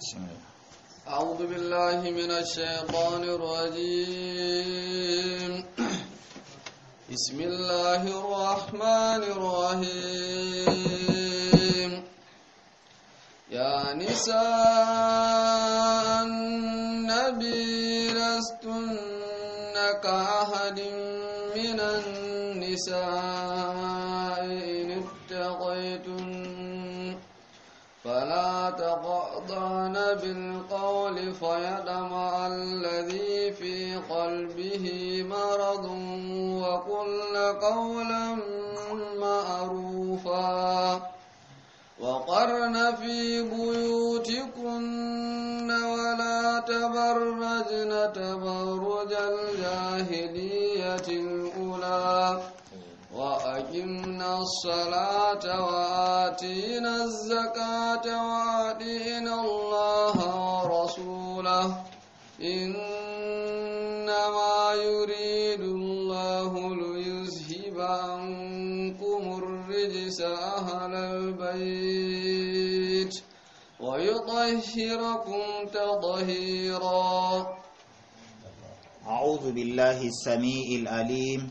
بسم الله أعوذ بالله من الشيطان الرجيم بسم الله الرحمن الرحيم يا نساء النبي لستن كأحد من النساء إن اتقيتن فلا تقعن يخضعن بالقول فيدمع الذي في قلبه مرض وقل قولا معروفا وقرن في بيوتكن ولا تبرجن تبرج الجاهلية الأولى الصلاة وآتينا الزكاة وآتينا الله ورسوله إنما يريد الله ليذهب عنكم الرجس أهل البيت ويطهركم تطهيرا أعوذ بالله السميع العليم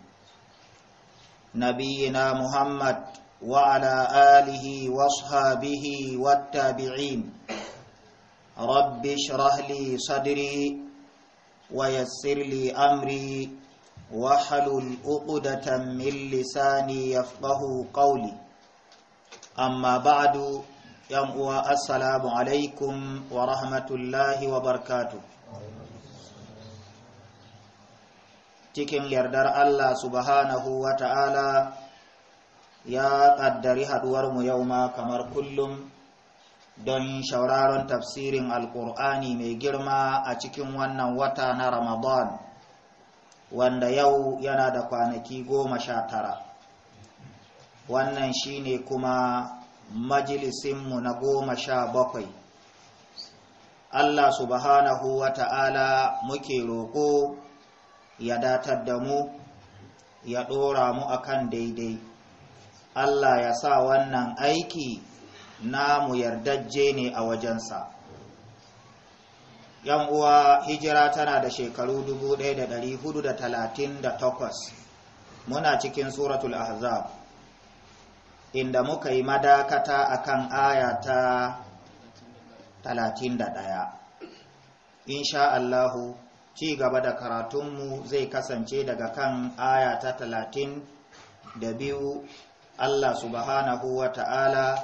نبينا محمد وعلى آله وصحابه والتابعين رب اشرح لي صدري ويسر لي أمري واحلل عقدة من لساني يفقه قولي أما بعد يوم السلام عليكم ورحمة الله وبركاته cikin yardar Allah subhanahu wa ta'ala ya ƙaddari haɗuwarmu yau ma kamar kullum don shauraron tafsirin alƙur'ani mai girma a cikin wannan wata na Ramadan wanda yau yana da kwanaki goma sha tara wannan shine kuma majalisinmu na goma sha bakwai Allah subhanahu wa ta'ala muke roƙo ya datar da mu ya ɗora mu akan daidai Allah ya sa wannan aiki namu yardajje ne a wajensa yan uwa hijira tana da shekaru 1438 muna cikin suratul ahzab inda muka yi madakata akan aya ta 31 insha Allahu ci gaba da karatunmu zai kasance daga kan aya ta talatin da biyu Allah subhanahu wa ta'ala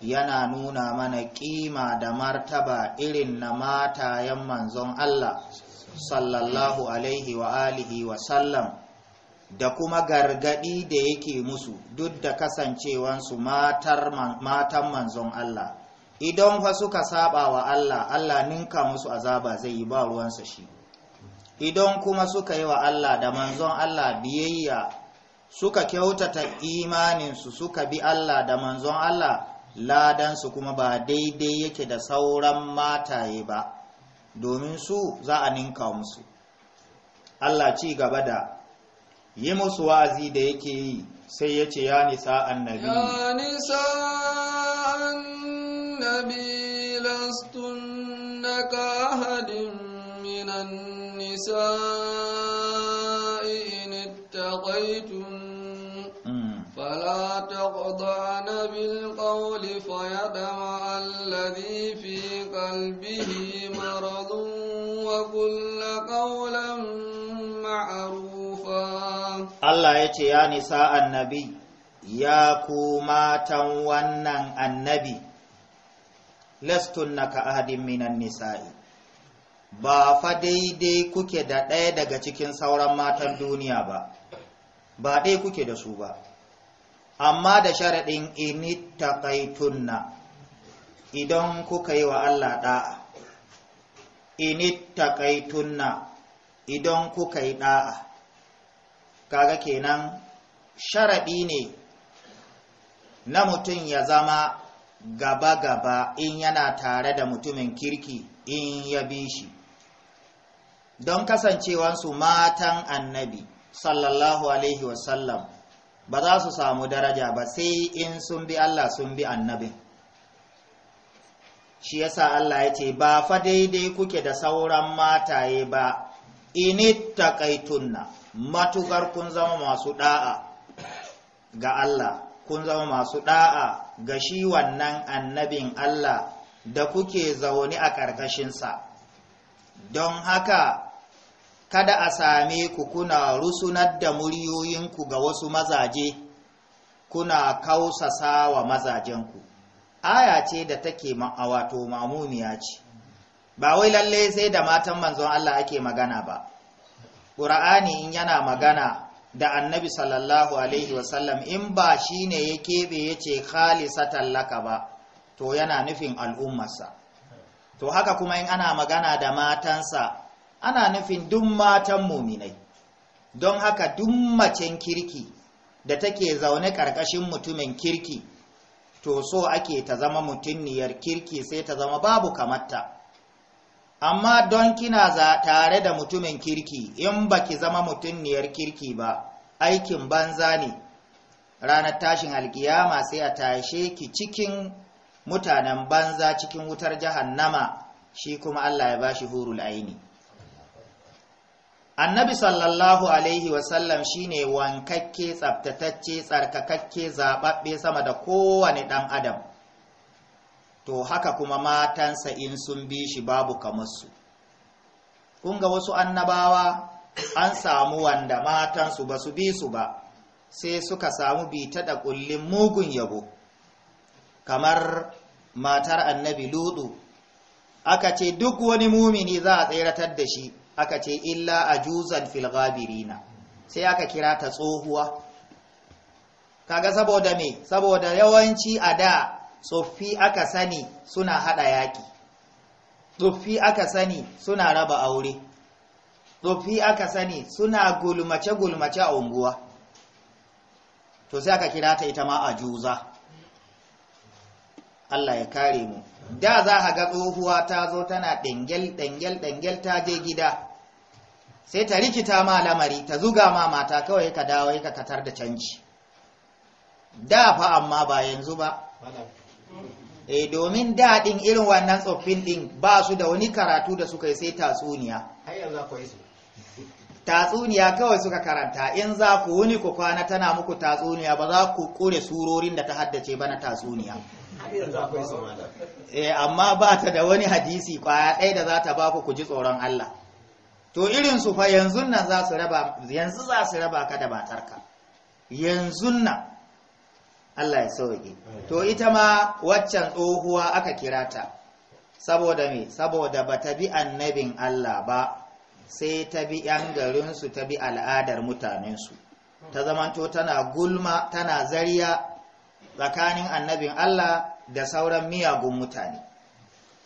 yana nuna mana kima da martaba irin na matayen manzon Allah sallallahu alaihi wa alihi wa sallam da kuma gargadi da yake musu duk da kasancewansu matan manzon Allah idan fa suka saba wa Allah Allah ninka musu azaba zai yi ba ruwansa shi idan kuma suka yi wa Allah da manzon Allah biyayya suka kyautata imaninsu suka bi Allah da manzon Allah ladansu kuma ba daidai yake da sauran mataye ba domin su za a ninka musu Allah ci gaba da yi musu wazi da yake yi sai ya ce ya nisa annabi ya nisa annabi ka minan النساء إن اتقيتم فلا تخضعن بالقول فيدمع الذي في قلبه مرض وكل قولا معروفا الله يتي يا نساء النبي يا كوما تنوانا النبي لستن كأحد من النساء ba fa daidai kuke da ɗaya daga cikin sauran matan duniya ba ba ɗaya kuke da su ba amma da sharaɗin ini taƙaitunna idan kuka yi wa Allah ɗa'a ini taƙaitunna idan kuka yi ɗa'a kaga kenan sharaɗi ne na mutum ya zama gaba-gaba in yana tare da mutumin kirki in ya bi shi don kasancewansu matan annabi sallallahu alaihi wasallam ba za su samu daraja ba sai in sun bi Allah sun bi annabi shi yasa Allah ya ce ba fa daidai kuke da sauran mataye ba init takaitunna matugar kun zama masu da'a ga Allah kun zama masu da'a ga shi wannan annabin Allah da kuke zaune a ƙarƙashinsa don haka kada a same ku kuna rusunar da muryoyinku ga wasu mazaje kuna kausasa wa mazajenku aya ce da take wato ya ce ba wai lalle sai da matan manzon Allah ake magana ba ƙura'ani in yana magana da annabi sallallahu alaihi wasallam in ba shi ne ya keɓe ya ce khalisatan laka ba to yana nufin al'ummarsa to haka kuma in ana magana da matansa ana nufin duk matan muminai don haka duk macen kirki da take zaune ƙarƙashin mutumin kirki to so ake ta zama mutuniyar kirki sai ta zama babu kamata amma don kina za tare da mutumin kirki in baki zama mutuniyar kirki ba aikin banza ne ranar tashin alkiyama sai a tashe ki cikin mutanen banza cikin wutar jahannama shi kuma Allah ya bashi hurul aini annabi sallallahu alaihi wasallam shine wankakke tsabtatacce tsarkakakke zaɓaɓɓe sama da kowane ɗan adam to haka kuma matansa in sun bi shi babu kamarsu kunga wasu annabawa an samu wanda matansu ba su bi su ba sai suka samu bita da kullin mugun yabo kamar matar annabi ludu aka ce duk wani mumini za a tseratar da shi aka ce illa a juzan filgabirina. sai aka kira ta tsohuwa kaga saboda me saboda yawanci a da tsoffi aka sani suna hada yaki tsoffi aka sani suna raba aure tsoffi aka sani suna gulmace gulmace a unguwa to sai aka kira ta ita ma a juza. Allah ya kare mu da za a ga tsohuwa ta zo tana ɗangel ɗangel ɗangel ta je gida sai ta rikita ma lamari ta zuga ma mata kawai ka dawo ka katar da canji da fa amma ba yanzu ba e domin daɗin irin wannan tsoffin ɗin ba su da wani karatu da suka yi sai tatsuniya tatsuniya kawai suka karanta in za ku wuni ku kwana tana muku tatsuniya ba za ku ƙure surorin da ta haddace ba na tatsuniya Eh, amma ba ta da wani hadisi kwaya ɗaya da za ta ba ku ji tsoron Allah to irin su fa yanzu nan za su raba yanzu za su raba ka da matarka yanzu nan Allah ya sauke to ita ma waccan tsohuwa aka kira ta saboda me saboda ba ta bi annabin Allah ba sai ta bi yan garin su ta bi al'adar mutanensu ta zamanto tana gulma tana zariya tsakanin annabin Allah da sauran miyagun mutane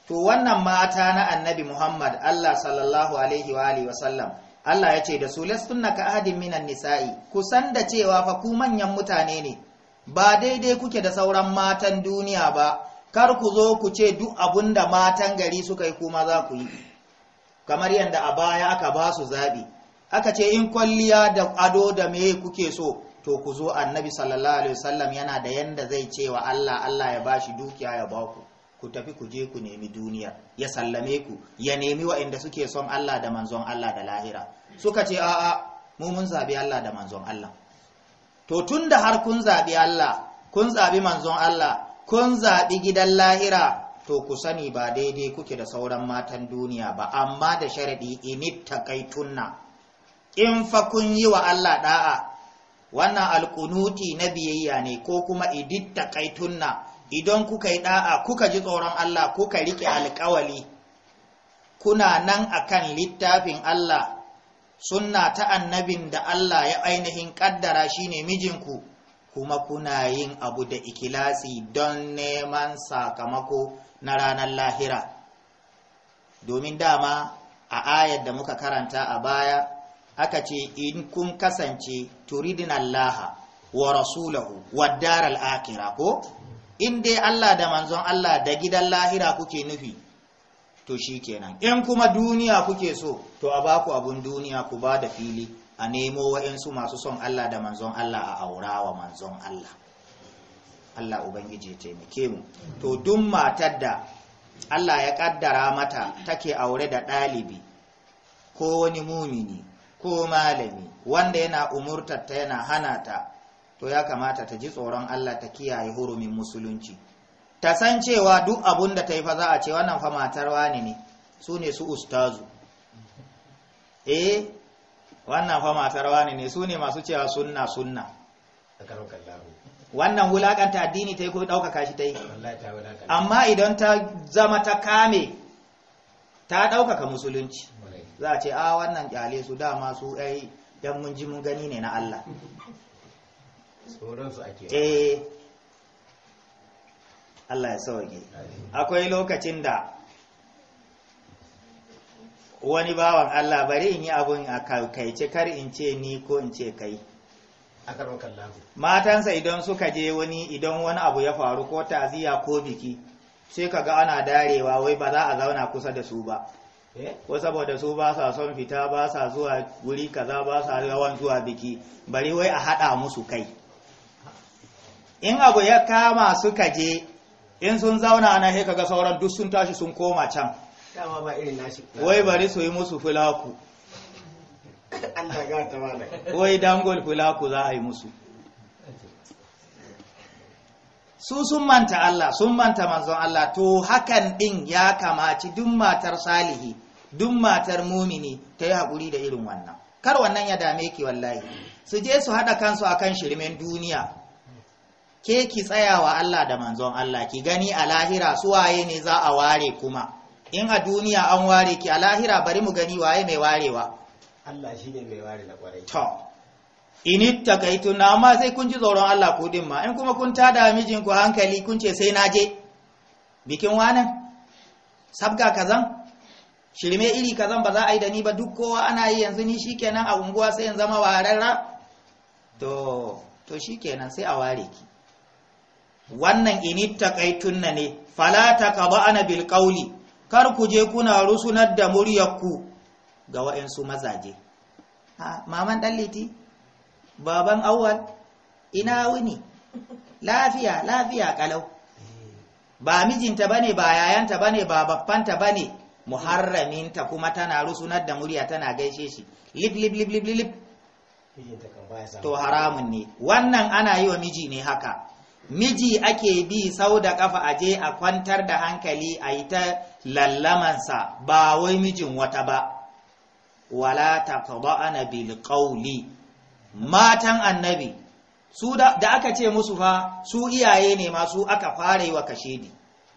to wannan mata na annabi Muhammad Allah sallallahu alaihi wa alihi wasallam Allah ya ce da su lastunna ka ahadin minan nisa'i kusan da cewa fa ku manyan mutane ne ba daidai kuke da sauran matan duniya ba kar ku zo ku ce duk abun da matan gari suka yi kuma za ku yi kamar yadda a baya aka ba su zaɓi aka ce in kwalliya da ado da me kuke so to ku zo annabi sallallahu alaihi wasallam yana da yanda zai ce wa Allah Allah ya bashi dukiya ya baku ku tafi ku je ku nemi duniya ya sallame ku ya nemi waɗanda suke son Allah da manzon Allah da lahira suka ce a'a mu mun zabi Allah da manzon Allah to tunda har kun zabi Allah kun zabi manzon Allah kun zabi gidan lahira to ku sani ba daidai kuke da sauran matan duniya ba amma da sharadi init takaitunna in fa kun yi wa Allah da'a wannan alkunuti na biyayya ne ko kuma iditta kaitunna idan kuka yi da'a kuka ji tsoron Allah kuka rike alkawali kuna nan akan littafin Allah sunna ta annabin da Allah ya ainihin kaddara shine mijinku kuma kuna yin abu da ikilasi don neman sakamako na ranar lahira domin dama a ayar da muka karanta a baya aka ce in kun kasance turidin allaha wa rasulahu wa daral akira ko in dai allah da manzon allah da gidan lahira kuke nufi to shi kenan in kuma duniya kuke so to a baku abun duniya ku ba da fili a nemo wa'insu masu son allah da manzon allah a aura wa manzon allah allah ubangiji taimake mu to duk matar da allah ya kaddara mata take aure da ɗalibi ko wani mumini ko malami wanda yana umurtar ta yana hana ta to ya kamata ta ji tsoron Allah ta kiyaye hurumin musulunci ta san cewa duk abun da ta yi fa za a ce wannan fa matar wani ne su ne su ustazu eh wannan fa matar wani ne su ne masu cewa sunna sunna wannan wulakanta addini ta yi ko ɗaukaka shi ta yi amma idan ta zama ta kame ta ɗaukaka musulunci za a ce a ah, wannan kyale su dama su ai dan mun ji mun gani ne na Allah tsoron su ake eh Allah ya sauke akwai lokacin da wani bawan Allah bari in yi abun a kaikaice kar in ce ni ko in ce kai matansa idan suka je wani idan wani abu ya faru ko taziya ko biki sai kaga ana darewa wai ba za a zauna kusa da su ba Eh? ko saboda su ba sa son fita ba sa zuwa wuri kaza ba sa yawan zuwa biki bari wai a haɗa musu kai in abu ya kama suka je in sun zauna na he ga sauran duk sun tashi sun koma can wai bari su yi musu fulaku wai dangol fulaku za a yi musu su sun manta Allah sun manta manzon Allah to hakan din ya kamaci duk matar salihi duk matar mumini ta yi haƙuri da irin wannan kar wannan ya dame ki wallahi su je su haɗa kansu a kan shirmen duniya ke ki tsayawa Allah da manzon Allah ki gani a lahira su waye ne za a ware kuma in a duniya an ware ki a lahira bari mu gani waye mai warewa Allah shi ne mai ware na kwarai in na, amma sai kun ji tsoron Allah kuɗin din ma in kuma kun tada mijin ku hankali kun ce sai naje bikin wanan sabga kazan shirme iri kazan ba za a yi da ni ba duk kowa ana yi yanzu ni shikenan a unguwa sai in zama wararra to to shikenan sai a ware ki wannan in takaitunna ne fala ana bil qauli kar ku je kuna rusunar da muryarku ga wa'ansu mazaje ha maman dalliti baban awwal ina wuni lafiya lafiya kalau ba mijinta bane ba yayanta bane ba babbanta bane muharraminta kuma tana rusunar da murya tana gaishe shi lip lip lip lip lip to haramun ne wannan ana yi wa miji ne haka miji ake bi sau da kafa aje a kwantar da hankali a yi ta lallamansa ba wai mijin wata ba wala taqba'ana bil qawli matan annabi su da aka ce musu fa su iyaye ne masu aka fara yi wa kashedi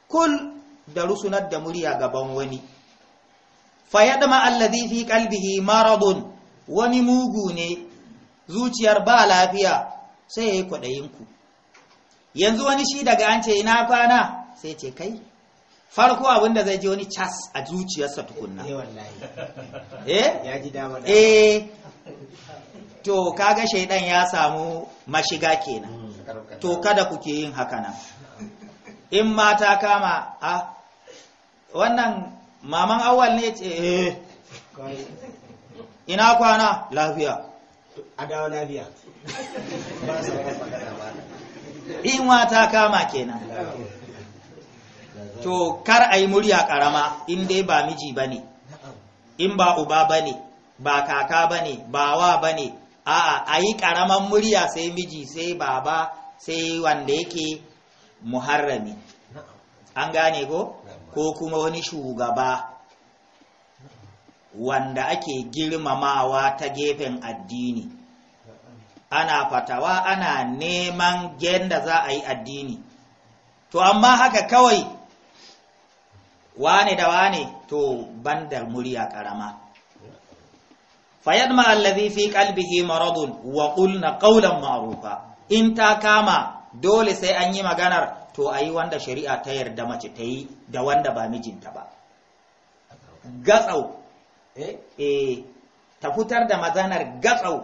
kul da rusunar da murya gaban wani Fa dama allazi fi kalbihi maradun wani mugu ne zuciyar ba lafiya sai ya yi kwaɗayinku yanzu wani shi daga an ce ina kwana sai ce kai farko abinda zai ji wani cas a zuciyarsa tukunna eh, eh? ya ji dama eh to kaga shaidan ya samu mashiga kenan mm. to kada kuke yin haka nan in mata kama a ah, wannan maman awal ne ce eh ina kwana lafiya a dawo lafiya in mata kama kenan to kar a yi murya karama in dai ba miji ba ne in ba uba ba ne ba kaka ba ne ba wa ba ne A'a, a yi ƙaraman murya sai miji sai baba sai wanda yake muharrami an gane ko ko kuma wani shugaba wanda ake girmamawa ta gefen addini ana fatawa ana neman genda za a yi addini to amma haka kawai wane da wane to bandar murya ƙarama. fayadma alladhi fi qalbihi maradun wa qulna qawlan ma'rufa in ta kama dole sai an yi maganar to ayi wanda shari'a ta yarda mace ta yi da wanda ba mijinta ba gatsau eh eh ta fitar da mazanar gatsau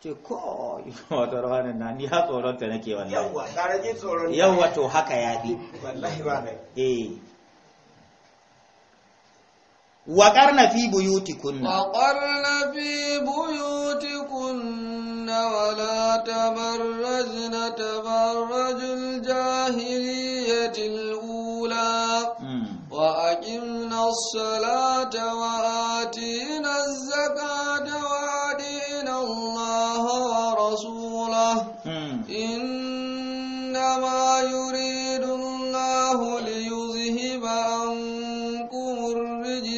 ce ko wata rawanin na ni ya tsoron ta nake wannan yawwa to haka ya bi wallahi ba eh وقرن في بيوتكن وقرن في بيوتكن ولا تبرجن تبرج الجاهلية الأولى وأقمنا الصلاة وآتينا الزكاة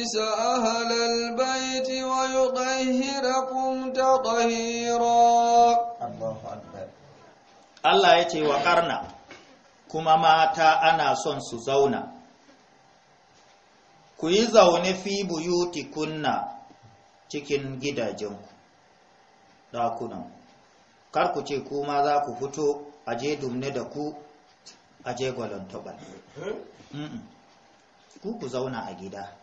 ليس أهل البيت ويطهركم تطهيرا الله أكبر الله يتي وقرنا كما ماتا أنا صن سزونا ku yi zaune fi buyuti kunna cikin gidajenku ɗakunan kar ku ce kuma za ku fito a je dumne da ku a je ku ku zauna a gida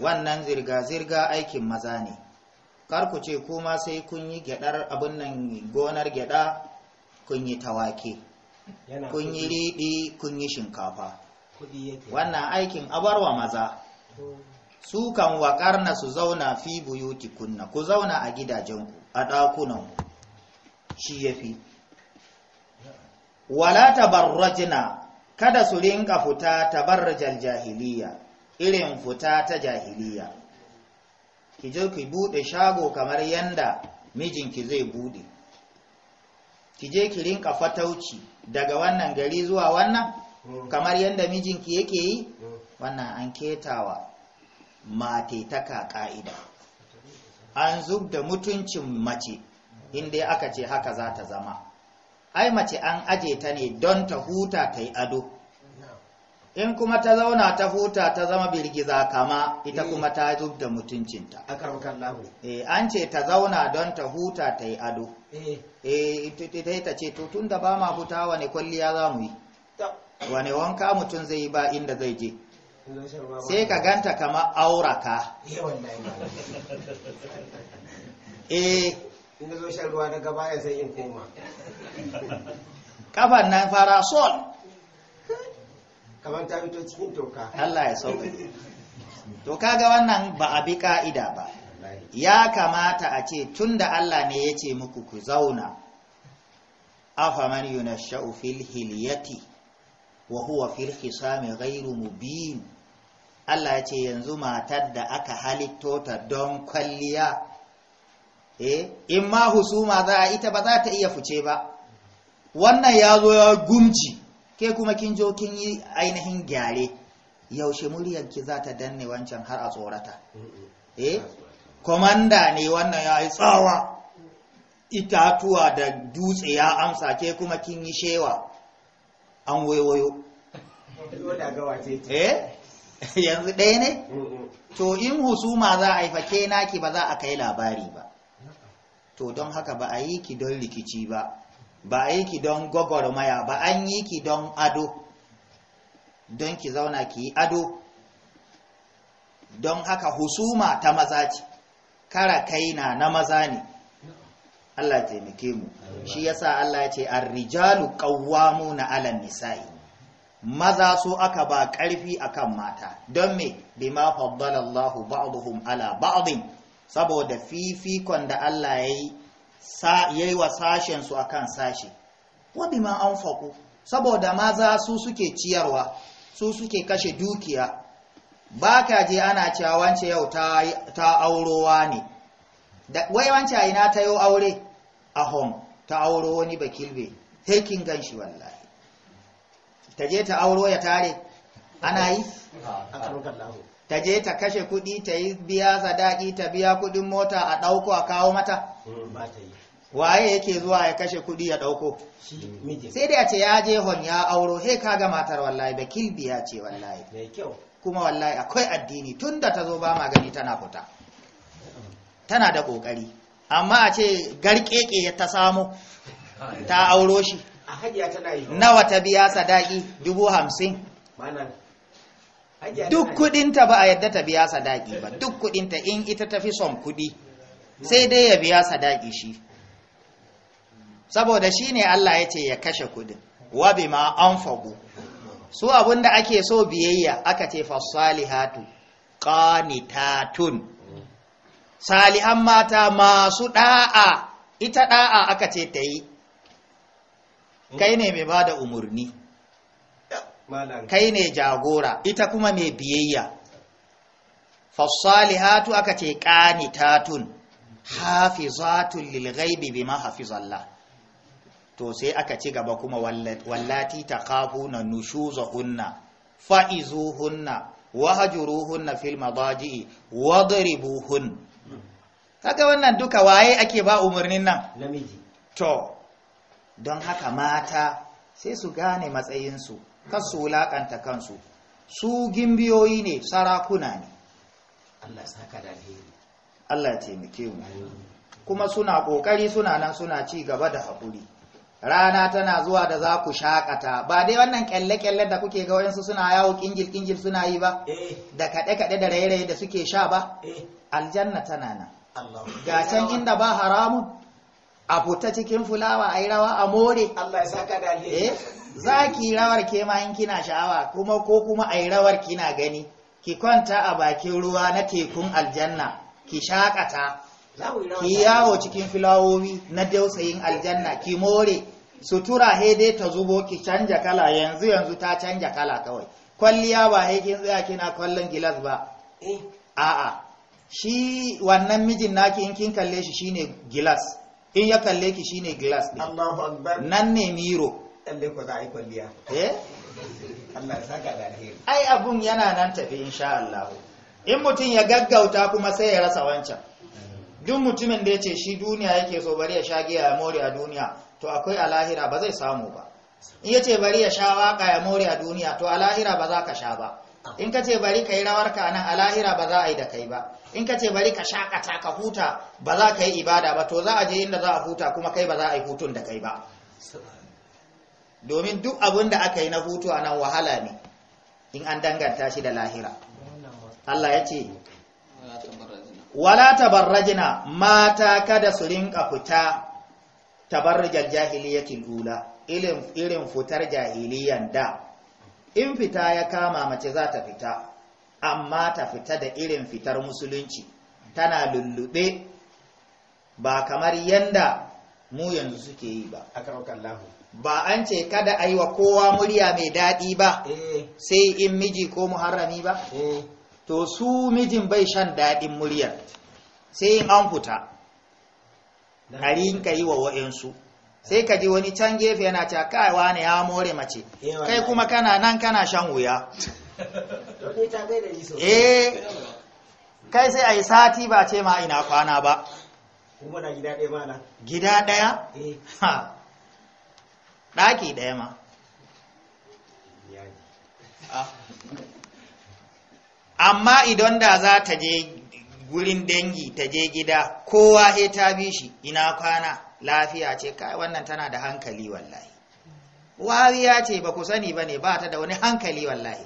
wannan zirga-zirga aikin maza ne kar ku ce kuma sai kun yi gyadar abin nan gonar gyada kun yi tawake kun yi riɗi kun yi shinkafa wannan aikin abarwa maza su kan waƙar na su zauna fi buyuti kunna ku zauna a gidajenku a ɗakunanku shi ya fi walata barrajina kada su rinka fita tabarrajal jahiliya irin fita ta jahiliya ki je ki bude shago kamar yanda mijinki zai bude ki je ki rinka fatauci daga wannan gari zuwa wannan mm. kamar yanda mijinki yake yi mm. wannan an ketawa matetaka ka'ida an zub da mutuncin mace inda aka ce haka za ta zama ai mace an aje ta ne don ta huta ta yi ado in kuma ta zauna ta huta ta zama birgiza kama ita mm. kuma ta zub da mutuncinta eh an ce ta zauna don ta huta ta yi ado eh, eh ta ce to tun da ba ma huta wane kwalliya za mu yi wane wanka mutum zai yi ba inda zai je sai ka ganta kama auraka eh, eh. inda zo shan ruwa daga baya sai in koma kafan nan fara sol kamar ta fito cikin toka Allah ya sauke to kaga wannan ba a bi ka'ida ba ya kamata a ce tunda Allah ne ya ce muku ku zauna afaman Yunashau, fil hilyati wa huwa fil khisami ghairu mubin Allah ya ce yanzu matar da aka halitto ta don kwalliya eh in ma husuma za ita ba za ta iya fice ba wannan ya zo ya gumci ke kuma kin jo kin yi ainihin gyare yaushe muryarki za ta danne wancan har a tsorata eh komanda ne wannan ya yi tsawa itatuwa da dutse ya amsa ke kuma kin yi shewa an waiwayo eh yanzu ɗaya ne to in husuma za a yi ke naki ba za a kai labari ba to don haka ba a yi ki don rikici ba ba a yi ki don gwagwarmaya ba an yi ki don ado don ki zauna ki yi ado don haka husuma ta maza ce kara kai na maza ne Allah taimake mu shi yasa Allah ya ce ar-rijalu na 'alan nisa'i maza su aka ba ƙarfi akan mata don me bima faddala Allahu ba'dhum 'ala ba'd saboda fifikon da Allah yayi sa yayi wa sashen su akan sashi ma an faku. saboda maza su suke ciyarwa su suke kashe dukiya baka je ana cewa wance yau ta aurowa ne wai wance ina ta yau aure a home ta auro wani bakilbe hekin ganshi wallahi ta je ta auro ya tare ana yi ta je ta kashe kuɗi ta yi biya sadaki ta biya kuɗin mota a ɗauko a kawo mata hmm. waye yake zuwa ya kashe kuɗi ya ɗauko sai dai a ce ya je hon ya auro he ga matar wallahi da biya ce wallahi kuma wallahi akwai addini tun da ta zo ba magani tana fita tana da ƙoƙari amma a ce garkeke ta samu ta auro shi nawa ta biya sadaki dubu hamsin duk kudinta ba a yadda ta biya sadaki ba duk kudinta in ita tafi son kudi sai dai ya biya sadaki shi saboda shi ne Allah ya ce ya kashe kudin wa an fagu su abinda ake so biyayya aka ce fasalihatu qanitatun salihan mata masu ɗa'a. ita ɗa'a aka ce ta yi kai ne mai ba da umurni kai ne jagora ita kuma mai biyayya fasalihatu aka ce qanitatun hafizatun lil ghaibi bima hafizallah to sai aka ci gaba kuma wallati takhafuna nushuzahunna fa'izuhunna wahjuruhunna fil madaji'i wadribuhun kaga wannan duka waye ake ba umarnin nan namiji to don haka mata sai su gane matsayinsu kasu wulaƙanta kansu su gimbiyoyi ne sarakuna ne Allah saka Allah ya taimake mu kuma suna kokari suna nan suna ci gaba da haƙuri rana tana zuwa da za ku shakata ba dai wannan kyalle-kyalle da kuke ga wayansu suna yawo kingil-kingil suna yi ba eh. da kaɗe-kaɗe da raye-raye da suke sha ba eh. aljanna tana nan ga can inda ba haramun a fita cikin fulawa a yi rawa a more eh, za ki rawar ke ma in kina sha'awa kuma ko kuma a yi rawar kina gani ki kwanta a bakin ruwa na tekun aljanna ki shakata ki yawo cikin fulawowi na dausayin aljanna ki more sutura dai ta zubo ki canja kala yanzu yanzu ta canja kala kawai kwalliya ba haikin tsaya kina kwallon gilas ba eh. a'a shi wannan mijin naki in kin kalle shi shine gilas in ya kalle ki shine glass din Allahu akbar nan ne miro kalle ko za a yi kwalliya eh Allah ya saka da alheri ai abun yana nan tafi insha Allah in mutum ya gaggauta kuma sai ya rasa wancan duk mutumin da ya ce shi duniya yake so bari ya sha giya ya more a duniya to akwai alahira ba zai samu ba in yace bari ya sha waka ya more a duniya to alahira ba za ka sha ba in ka ce bari ka yi rawarka nan a lahira ba za a yi da kai ba in ka ce bari ka shakata ka huta ba za ka yi ibada ba to za a je inda za a huta kuma kai ba za a yi hutun da kai ba domin duk abin da aka yi na hutu a nan wahala ne in an danganta shi da lahira Allah ya ce wala tabarrajina mata kada su rinka fita tabarrujal jahiliyatil ula irin fitar jahiliyan da in fita ya kama mace za ta fita amma ta fita da irin fitar musulunci tana lullube ba kamar yanda mu yanzu suke yi ba ba an ce kada a yi wa kowa murya mai daɗi ba eh. sai in miji ko muharrami ba eh. to su mijin bai shan daɗin muryar sai in an fita a rinka yi wa wa'insu sai ka ji wani can gefe yana ta kaiwa ne ya more mace eh, kai kuma kana nan kana shan wuya eh kai sai a yi sati ba ce ma ina kwana ba kuma na gida ɗaya mana gida ɗaya? Eh. ha ɗaki ɗaya ma ah. amma idan da za ta je gurin dangi ta je gida kowa he ta bi shi ina kwana lafiya ce kai wannan tana da hankali wallahi wariya ce ba ku sani ba ne ba ta da wani hankali wallahi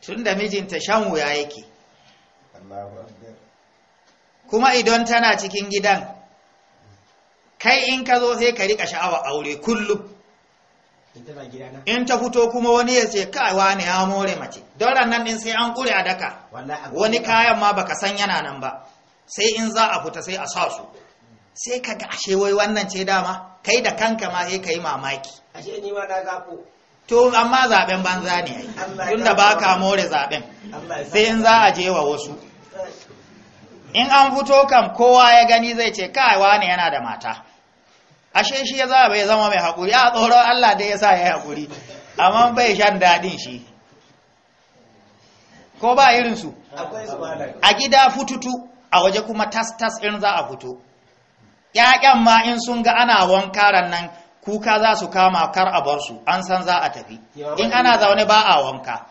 tun da mijinta shan wuya yake kuma idan tana cikin gidan kai in ka zo sai ka rika sha'awa aure kullum in ta fito kuma wani ya ce kaiwa ne ya more mace don nan din sai an kure a daka wani kayan ma baka san yana nan ba sai in za a fita sai a sa su sai ka ga ashe wai wannan ce dama kai da kanka ma sai ka yi mamaki ashe ni ma na gafo to amma zaben banza ne ai tunda ba ka more zaben sai in za a je wa wasu in an fito kam kowa ya gani zai ce kai wani yana da mata ashe shi ya zama ya zama mai hakuri a tsoron Allah da ya sa ya haƙuri amma bai shan daɗin shi ko ba irin su? a gida fututu a waje kuma tas tas irin za a fito yayan ma in sun ga ana wanka nan kuka za su kama kar a bar su an san za a tafi in ana zaune ba a wanka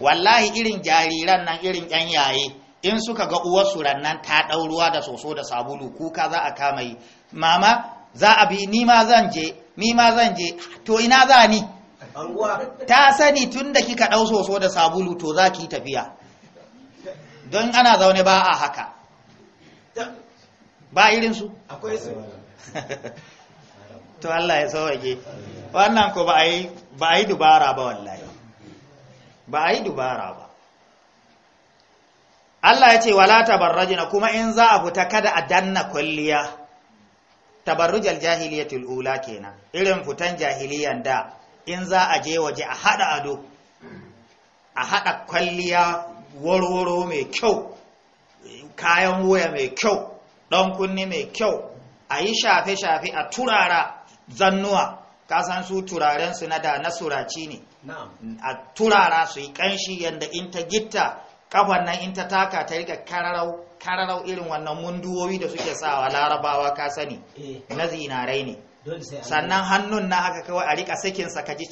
wallahi irin jariran nan irin yan yaye in suka ga uwarsu rannan ta ɗau ruwa da soso da sabulu kuka za a kama yi mama za a bi ni ma zan je ni ma zan je to ina za ni ta sani tun da kika ɗau soso da sabulu to za ki tafiya don ana zaune ba a haka ba irin su akwai su to Allah ya sauke wannan ko ba ai ba ai dubara ba wallahi ba ai dubara ba Allah ya ce wala tabarrajina kuma in za a fita kada a danna kulliya tabarrujal jahiliyatul ula kenan irin fitan jahiliyan da in za a je waje a hada ado a hada kwalliya warwaro mai kyau kayan wuya mai kyau ɗan kunni mai kyau a yi shafe-shafe a turara zannuwa kasan su turaren na da na suraci ne a turara su yi ƙanshi yadda in ta gitta kafan nan in ta taka ta rika kararau irin wannan munduwoyi da suke sawa larabawa ka sani eh. na zinarai ne sannan hannun na haka kawai a rika sakin sa ji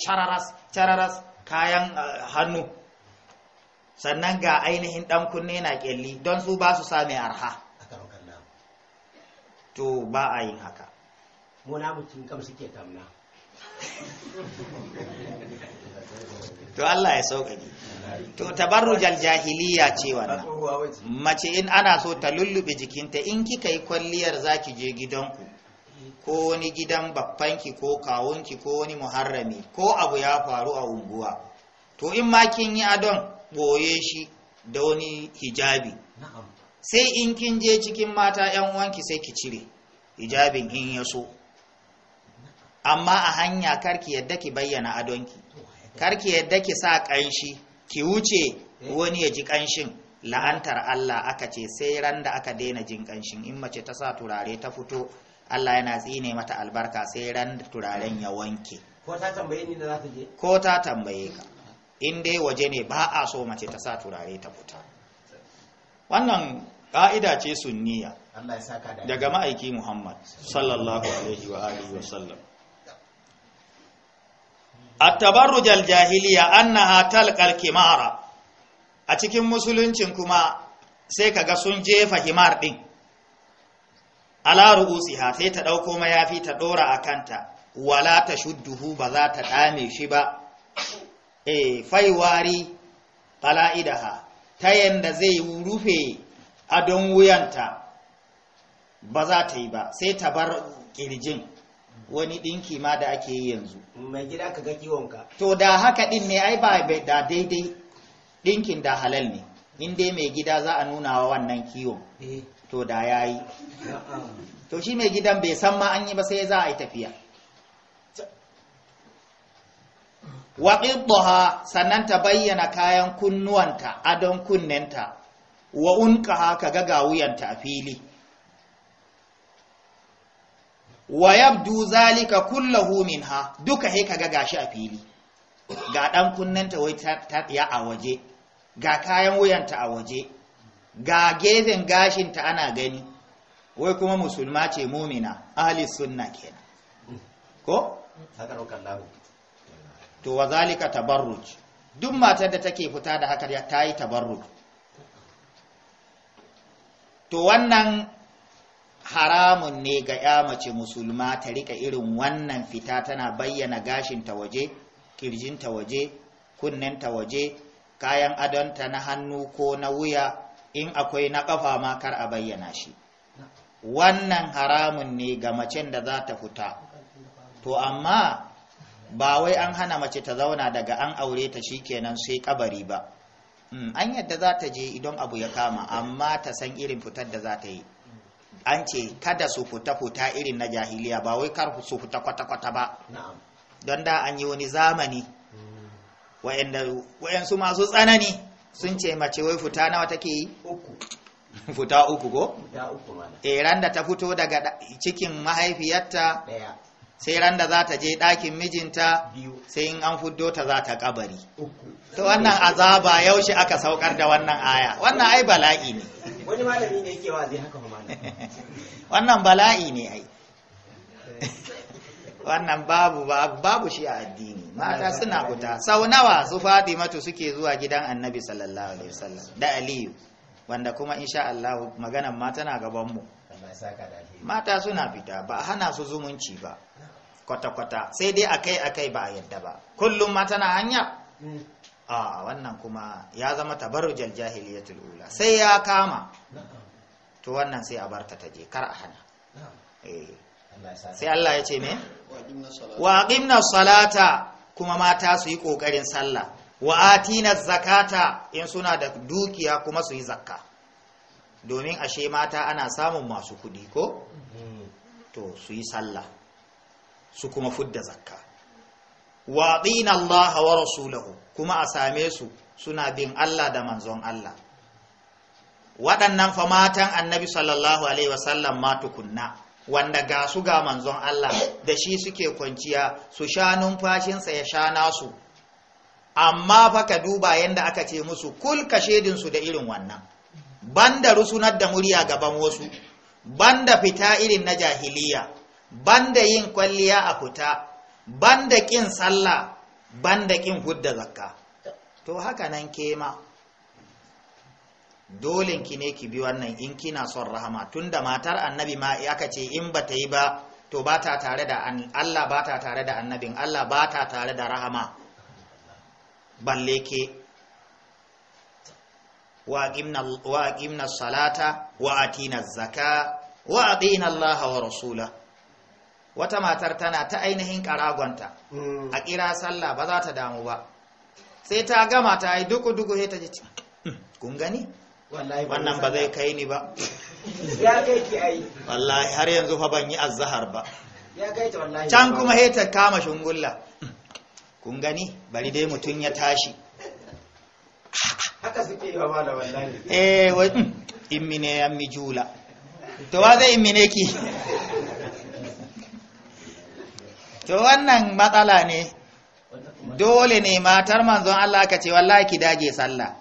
cararas kayan eh, hannu sannan ga ainihin ɗan kunne na ƙyalli don su ba su same arha to ba a yin haka mutum kam suke kamna to Allah ya sauƙaƙe to tabarrujal jahiliya ce wannan mace in ana so ta lullube jikinta in kika yi kwalliyar zaki je gidanku ko wani gidan babbanki ko kawunki ko wani muharrami ko abu ya faru a unguwa to in ma kin yi adon boye shi da wani hijabi sai in kin je cikin mata yan wanki sai ki cire hijabin in ya so amma a hanya karki yadda ki bayyana adonki karki yadda ki sa ƙanshi ki wuce wani ya ji ƙanshin. la'antar Allah aka ce sai ran da aka daina jin ƙanshin, in mace ta sa turare ta fito Allah yana tsine mata albarka sai ran da turaren ya wanke ko ta tambaye ni da za ta je ko ta tambaye ka in dai waje ne ba a so mace ta sa turare ta fita wannan ƙa'ida ce sunniya daga ma'aiki muhammad sallallahu alaihi wa alihi wa sallam jahiliya annaha talqal kimara a cikin musuluncin kuma sai kaga sun jefa himar din ala ru'usiha sai ta dauko mayafi ta dora akanta wala ta shudduhu ba za ta dame shi ba eh faiwari idaha. ta yanda zai rufe adon wuyanta ba za ta yi ba sai ta bar kirjin wani ɗinki ma da ake yi yanzu mai gida ka ga kiwonka to da haka ɗin ne ai ba da daidai ɗinkin da halal ne in dai mai gida za a nuna wa wannan kiwon eh. to da ya yi to shi mai gidan bai san ma an yi ba sai za a yi tafiya wa qiddaha sannan ta bayyana kayan kunnuwanta adon kunnenta wa unka haka ga wuyanta a fili wa yabdu zalika kullahu minha duka he ka gaga shi a fili ga dan kunnenta wai ta ya a waje ga kayan wuyanta a waje ga gefen gashinta ana gani wai kuma musulma ce mumina ahli sunna kenan ko to wa zalika tabarruj duk matar da take fita da haka ta yi tabarruj to wannan haramun ne ga ya mace musulma ta rika irin wannan fita tana bayyana gashin ta waje kirjin ta waje kunnen ta waje kayan adonta na hannu ko na wuya in akwai na kafa ma kar a bayyana shi wannan haramun ne ga macen da za ta fita to amma ba wai an hana mace ta zauna daga an aure ta shikenan sai kabari ba hmm, an yadda za ta je idan abu ya kama amma ta san irin fitar da za ta yi an ce kada su fita fita irin na jahiliya ba wai kar su fita kwata-kwata ba don da an yi wani zamani wayansu masu tsanani sun ce mace wai fita nawa take yi fita uku ko? fita uku eh, da ta fito daga cikin mahaifiyarta sai ran da za ta je ɗakin mijinta sai in an fuddo ta za ta kabari to wannan azaba yaushe aka saukar da wannan aya wannan ai bala'i ne wani malami ne yake wa zai haka wannan bala'i ne ai wannan babu babu shi a addini mata suna fita sau nawa su fatimatu suke zuwa gidan annabi sallallahu alaihi wasallam da aliyu wanda kuma insha Allah maganan ma tana gaban mu mata suna fita ba hana su zumunci ba kwata-kwata sai dai akai-akai ba a yadda ba kullum ma tana hanya hmm. a wannan kuma ya zama tabarujal jahiliyatul ula sai ya kama to wannan sai a barta ta je kar a hana eh. sai Allah ya ce me wa salata kuma mata su yi kokarin sallah wa atina zakata in suna da dukiya kuma su yi zakka domin ashe mata ana samun masu kudi ko hmm. to su yi sallah su kuma fudda zakka waɗina Allah wa rasulahu kuma a same su suna bin Allah da manzon Allah waɗannan fa matan annabi sallallahu alaihi wasallam ma tukunna wanda ga su ga manzon Allah da shi suke kwanciya su sha numfashinsa ya sha nasu amma fa ka duba yanda aka ce musu kul ka su da irin wannan banda rusunar da murya gaban wasu banda fita irin na jahiliya banda yin kwalliya a fita banda kin sallah banda kin hudda zakka to haka nan ke ma ki ne ki bi wannan in kina son rahama tunda matar annabi ma aka ce in ba ta yi ba to ba ta tare da Allah ba ta tare da annabin Allah ba ta tare da rahama balle ke wa aqimna salata wa atina zaka wa atina Allah wa rasula wata matar tana ta ainihin karagonta hmm. a kira sallah ba za ta damu ba sai ta gama ta yi duku duku sai ta ji ci hmm. kun gani wannan ba zai kai ni ba ya kai ki ai wallahi har yanzu fa ban yi azhar ba ya kai ta wallahi can kuma sai ta kama shungulla kun gani bari dai mutun ya tashi haka suke yi wa mala wallahi eh wai hmm, immine yammi jula to wa zai immine ki to wannan matsala ne dole ne matar manzon Allah ka ce wallahi ki dage sallah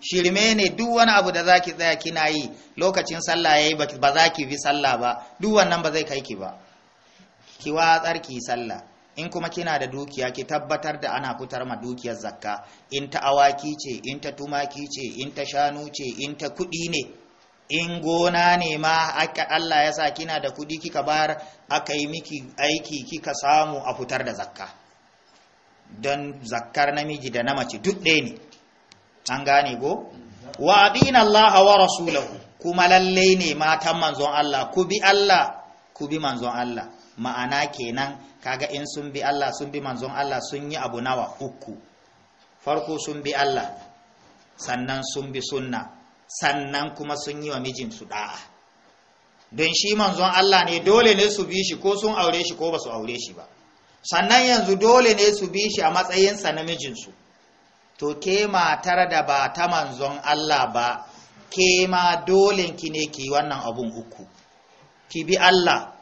shirme ne duk wani abu da zaki tsaya kina yi lokacin sallah yayi ba za ki bi sallah ba duk wannan ba zai kai ki ba ki watsar ki sallah in kuma kina da dukiya ki tabbatar da ana fitar ma dukiyar zakka in ta awaki ce in ta tumaki ce in ta shanu ce in ta kuɗi ne in gona ne ma Allah ya sa kina da kuɗi kika bayar aka yi miki aiki kika samu a fitar da zakka don zakkar namiji da na mace duk ɗaya ne an gane go wa abin Allah wa rasulahu kuma lallai ne matan manzon Allah ku bi Allah ku bi manzon Allah ma'ana kenan kaga in sun bi Allah sun bi manzon Allah sun yi abu nawa uku farko sun bi Allah sannan sun bi sunna sannan kuma sun yi wa mijinsu da'a don shi manzon Allah ne dole ne su bi shi ko sun aure shi ko ba su aure shi ba sannan yanzu dole ne su bi shi a matsayinsa namijinsu to ke matar da ba ta manzon Allah ba ke ma ki ne ki wannan abun uku ki bi Allah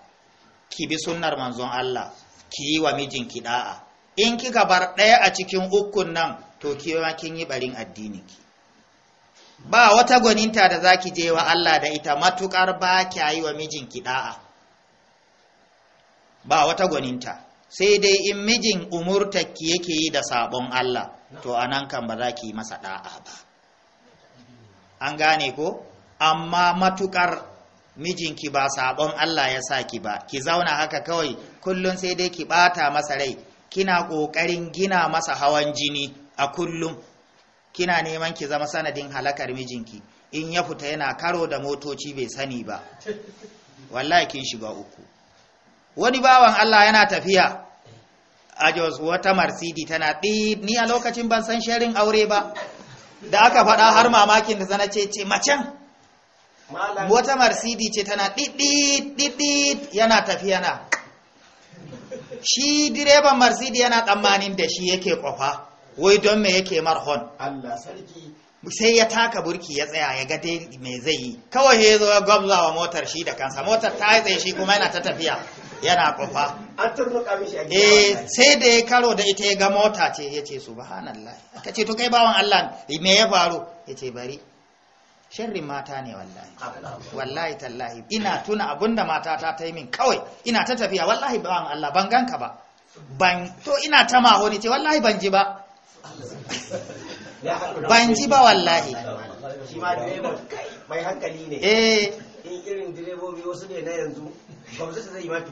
ki bi sunnar manzon Allah ki yi wa mijinki da'a in kika bar ɗaya a cikin ukun nan to ma kin yi barin addininki ba wata gwaninta da zaki je wa Allah da ita matukar ba kya yi wa mijinki da'a ba wata gwaninta sai dai in mijin umurtaki yake yi da sabon Allah to anan kan ba za ki masa da'a ba an gane ko amma matukar mijinki ba sabon Allah ya sa ki ba ki zauna haka kawai kullum sai dai ki bata masa rai kina ƙoƙarin gina masa hawan jini a kullum kina neman ki zama sanadin halakar mijinki in ya fita yana karo da motoci bai sani ba wallahi kin shiga uku wani bawan Allah yana tafiya a Jos wata Marsidi tana ɗid ni a lokacin ban san sharin aure ba da aka faɗa har mamakin da zana ce ce macen wata Marsidi ce tana ɗid yana tafiya na shi direban Marsidi yana tsammanin da shi yake kwafa wai don me yake marhon Allah sarki sai ya taka burki ya tsaya ya ga dai me zai yi kawai ya zo ya gwamza wa motar shi da kansa motar ta tsaye shi kuma yana ta tafiya yana kufa an turnuka mishi a eh sai da ya karo da ita ya ga mota ce ya ce subhanallah kace ce to kai bawan Allah me ya faru ya ce bari sharrin mata ne wallahi wallahi tallahi ina tuna abinda mata ta ta yi min kawai ina ta tafiya wallahi bawan Allah ban ganka ba ban to ina ta maho ne ce wallahi ban ji ba ban ji ba wallahi shi ma direban mai hankali ne eh in irin direbobi wasu ne na yanzu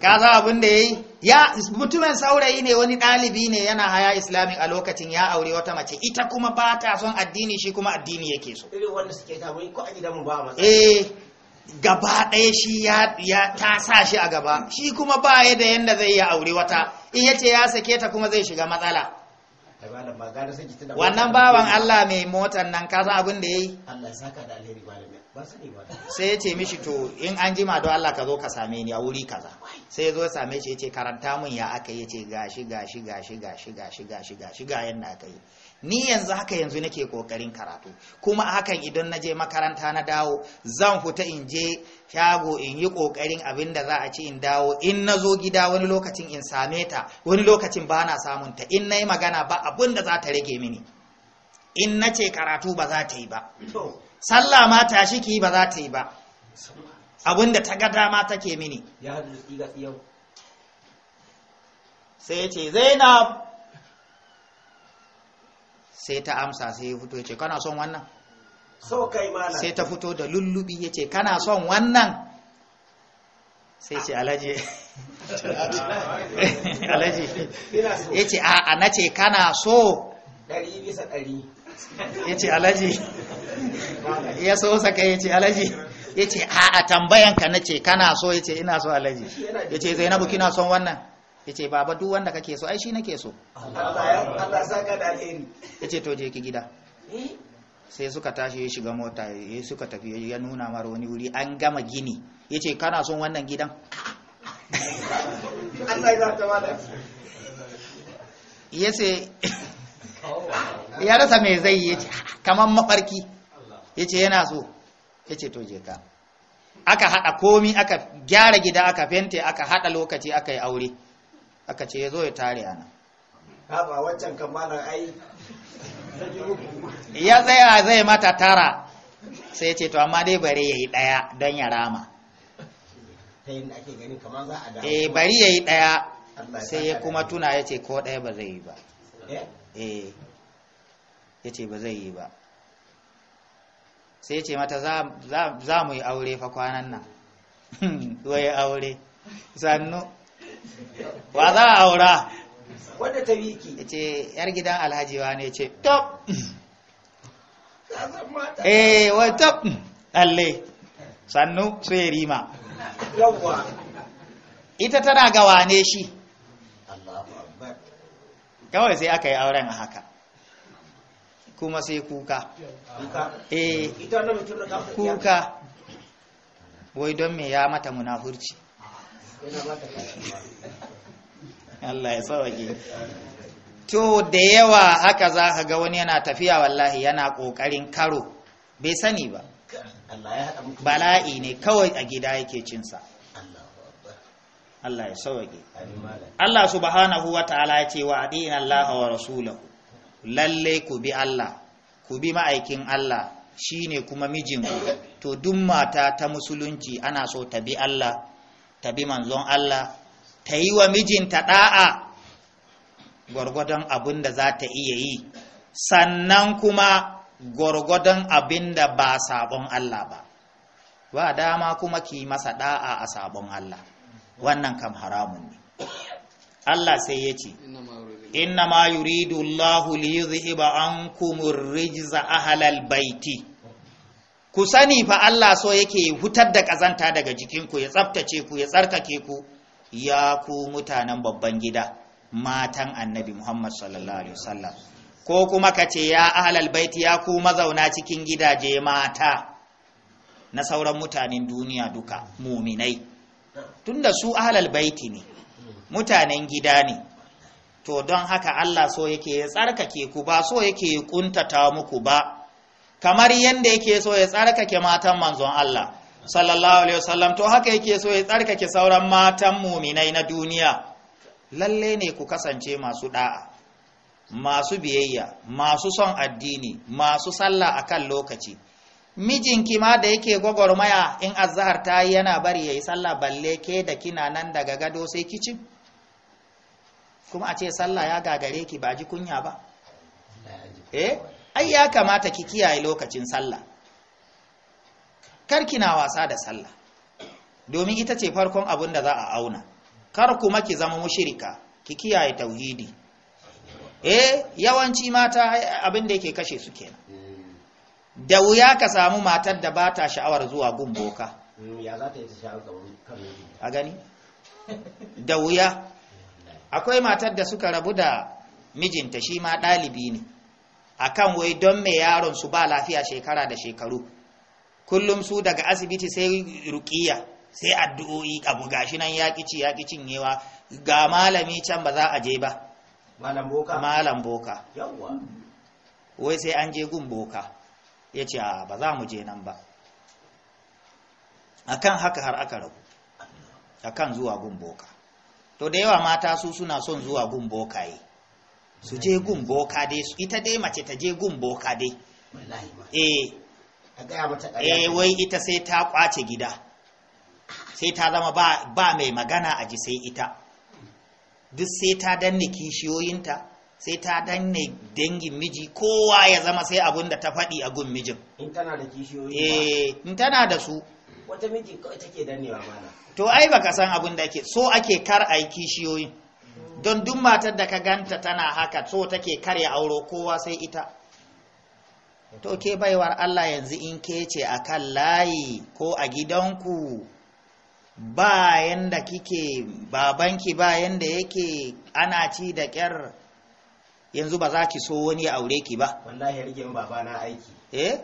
ka san abin da ya yi ya mutumin saurayi ne wani ɗalibi ne yana haya islamic a lokacin ya aure wata mace ita kuma ba ta son addini shi kuma addini yake so iri wanda suke ta tabi ko a gidanmu ba a matsayi eh gaba ɗaya shi ya ta sa shi a gaba shi kuma ba ya da yanda zai ya aure wata in yace ya sake ta kuma zai shiga matsala wannan bawan Allah mai motar nan kaza abin da yayi yi sai ya ce mishi to in an jima don Allah ka zo ka same ni a wuri kaza sai ya zo ya same shi ya ce karanta mun ya aka yi ya ce gashi gashi gashi gashi gashi gashi gashi ga gashi aka yi ni yanzu haka yanzu nake kokarin karatu kuma a hakan idan na je makaranta na dawo zan fita in je shago in yi kokarin abin da za a ci in dawo in na zo gida wani lokacin in same ta wani lokacin ba na samun ta in na yi magana ba abin da za ta rage mini in na ce karatu ba za ta yi ba sallah ma tashi ki ba za ta yi ba abin da ta ga dama take mini sai ce zainab sai ta amsa sai ya fito ya ce kana son wannan sai ta fito da lullubi ya ce kana son wannan sai ce alaje alaje ya ce a na ce kana so ya ce alaje ya so saka ya ce alaje ya ce a tambayanka na ce kana so ya ce ina so alaje ya ce zainabu kina son wannan yace baba duk wanda kake so ai shi nake so Allah saka da to je ki gida eh? sai suka tashi ya shiga mota ya suka tafi ya nuna mara wani wuri an gama gini Ya ce kana son wannan gidan ya ce ya rasa me zai yi kamar mafarki ce yana so ce to je ka aka hada komi aka gyara gida aka fente aka hada lokaci aka yi aure aka ce ya zo ya tare ana ba waccan kamala ai ya a zai mata tara sai ya ce to amma dai bari ya yi ɗaya don ya rama eh bari ya yi ɗaya sai ya kuma tuna ya ce ko ɗaya ba zai yi ba eh? eh ya ce ba zai yi ba sai ya ce mata za mu yi aure fa kwanan nan yi aure sannu wa za a aura wadda ta wiki ya ce yar gidan alhaji wa ne ce top eh wai top alle sannu su ya rima ita tana ga wane shi kawai sai aka yi auren a haka kuma sai kuka eh kuka wai don me ya mata munafurci Allah ya sauke. to da yawa haka za ka ga wani yana tafiya wallahi yana ƙoƙarin karo bai sani ba bala'i ne kawai a gida yake cinsa Allah ya sauke. Allah subhanahu wa ta'ala ya ce wa adina Allah wa rasulahu lalle ku bi Allah ku bi ma'aikin Allah shi ne kuma mijinku to duk mata ta musulunci ana so ta bi Allah ta bi manzon Allah ta yi wa mijinta ɗa'a gwargwadon abin da za ta iya yi sannan kuma gwargwadon abin da ba sabon Allah ba ba dama kuma ki masa ɗa'a a sabon Allah wannan kam haramun ne Allah sai ya ce inna ma yuridu Allahu iba an kumurri za rijza ahlal baiti ku sani fa Allah so yake hutar da ƙazanta daga jikinku ya tsaftace ku ya tsarkake ku ya ku mutanen babban gida matan annabi Muhammad sallallahu alaihi wasallam ko kuma ka ce ya ahlal baiti ya ku mazauna cikin gidaje mata na sauran mutanen duniya duka muminai tunda su ahlal baiti ne mutanen gida ne to don haka Allah so yake ya tsarkake ku ba so yake ya kuntata muku ba kamar yadda yake so ya tsarkake matan manzon Allah sallallahu alaihi wasallam to haka yake so ya tsarkake sauran matan muminai na duniya lalle ne ku kasance masu da'a masu biyayya masu son addini masu sallah akan lokaci mijinki ma da yake gwagwarmaya in azahar ta yi yana bari ya yi sallah balle ke da kina nan daga gado sai kicin kuma a ce sallah ya gagare ki ba ji kunya ba eh ai ya kamata ki kiyaye lokacin sallah kar kina wasa da sallah domin ita ce farkon abin da za a auna kar kuma ki zama mushirika ki kiyaye tauhidi eh yawanci mata abin da yake kashe su kenan da wuya ka samu matar da ba ta sha'awar zuwa gumboka mm, ya za ta yi sha'awar a gani da wuya akwai matar da suka rabu da mijinta shi ma ɗalibi ne akan wai don mai yaron su ba lafiya shekara da shekaru kullum su daga asibiti sai rukiya sai addu'o'i abu gashi nan kici ci kicin yewa ga malami can ba za a je ba malam boka malam boka yawa wai sai an je gun boka yace a ba za mu je nan ba akan haka har aka rabu akan zuwa gun boka to da yawa mata su suna son zuwa gun Boka yi. su je gun boka dai su ita dai mace ta je gun boka dai eh eh wai ita sai ta kwace gida sai ta zama ba ba mai magana a ji sai ita duk sai ta danne kishiyoyinta sai ta danne dangin miji kowa ya zama sai abun da ta faɗi a gun mijin in tana da kishiyoyi eh in tana da su wata miji take dannewa mana to ai baka san abun da ake so ake kar ai kishiyoyin don duk matar da ka ganta tana haka so take karya auro kowa sai ita to ke baiwar Allah yanzu in ke ce a kan layi ko a gidanku ba yanda kike babanki ba yanda yake ana ci da kyar yanzu ba za ki so wani ya aure ki ba wallahi rike babana aiki eh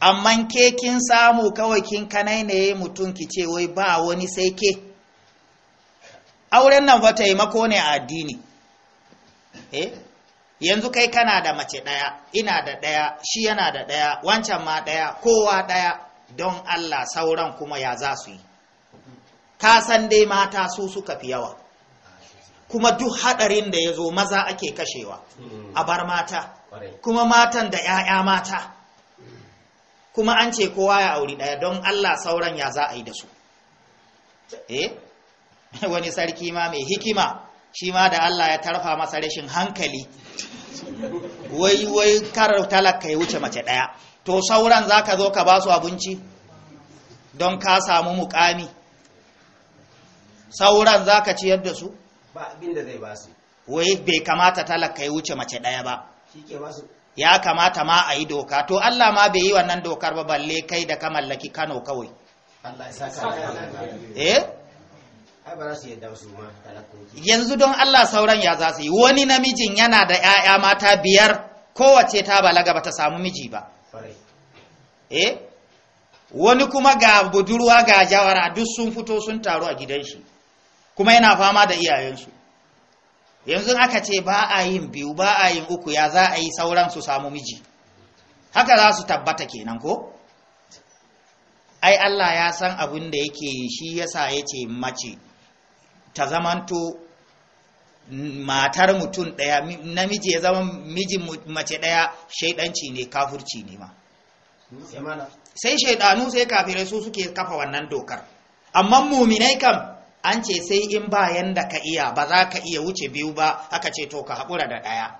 amma ke kin samu kawai kin ne mutum ki ce wai ba wani sai ke auren nan fa taimako ne a addini eh yanzu kai kana da mace ɗaya ina da ɗaya shi yana da ɗaya wancan ma ɗaya kowa ɗaya don allah sauran kuma ya za su yi ka san dai mata su suka fi yawa kuma duk haɗarin da ya zo maza ake kashewa a bar mata kuma matan da 'ya'ya mata kuma an ce kowa ya auri ɗaya don allah sauran ya za a yi da su eh wani sarki ma mai hikima shi ma da Allah ya tarfa masa rashin hankali wai wai karar talaka ya wuce mace ɗaya to sauran za ka zo ka ba su abinci don ka samu mukami sauran za ka ciyar da su ba abin da zai ba su wai bai kamata talaka ya wuce mace ɗaya ba ya kamata ma a yi doka to Allah ma bai yi wannan dokar ba balle kai da ka mallaki Kano kawai Allah ya saka eh yanzu don Allah sauran ya za su yi wani namijin yana da 'ya'ya mata biyar kowace ta balaga ba ta samu miji ba eh wani kuma ga budurwa ga jawara duk sun fito sun taru a gidan shi kuma yana fama da iyayensu yanzu aka ce ba a yin biyu ba a yin uku ya za a yi sauran su samu miji haka za su tabbata kenan ko ai Allah ya san abin da yake shi yasa yace mace ta zamanto matar mutum ɗaya namiji ya zama mijin mace ɗaya shaidanci ne kafurci ne ma sai shaidanu sai kafirai su suke kafa wannan dokar amma muminai kam an ce sai in ba yanda ka iya ba za ka iya wuce biyu ba aka ce to ka haƙura da ɗaya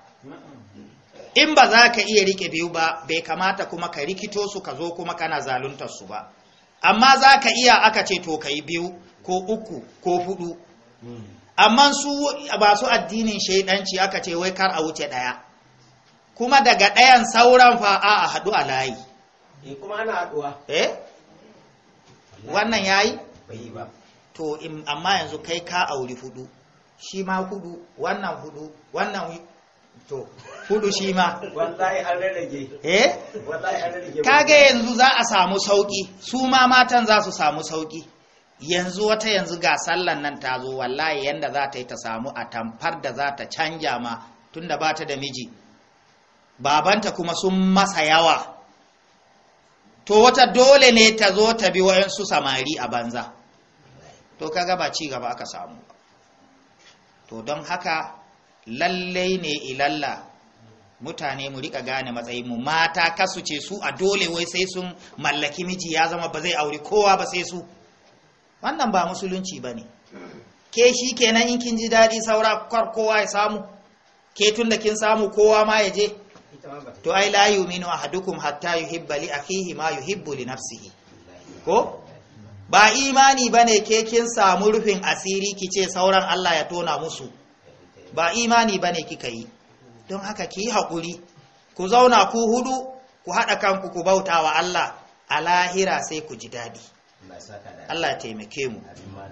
in ba za ka iya rike biyu ba bai kamata kuma ka rikito su ka zo kuma kana zaluntar su ba amma za ka iya aka ce to ka yi biyu ko uku ko hudu amma su ba su addinin shaidanci aka ce wai kar a wuce ɗaya kuma daga ɗayan sauran fa a haɗu a layi eh kuma ana haɗuwa eh wannan yayi yi? to amma yanzu kai ka auri hudu shi ma hudu wannan hudu wannan to hudu shi ma wallahi an rarrage eh wallahi an rarrage kage yanzu za a samu sauki su ma matan za su samu sauki yanzu wata yanzu ga sallan nan ta zo wallahi yanda za ta yi ta samu a tamfar da za ta canja ma tunda ba ta da miji babanta kuma sun masa yawa to wata dole ne ta zo ta bi wayansu samari a banza to kaga ba ci gaba aka samu to don haka lallai ne ilalla mutane mu rika gane matsayin mu mata kasu ce su a dole wai sai sun mallaki miji ya zama ba zai aure kowa ba sai su wannan ba musulunci ba ne ke shi kenan in kin ji daɗi saura kowa ya samu ke tun da kin samu kowa ma ya je to ai la yuminu ahadukum hatta yuhibba li akhihi ma yuhibbu li nafsihi ko ba imani bane ke kin samu rufin asiri ki ce sauran Allah ya tona musu ba imani bane kika yi don haka ki hakuri ku zauna ku hudu ku haɗa kanku ku bautawa Allah a lahira sai ku ji daɗi. Allah taimake mu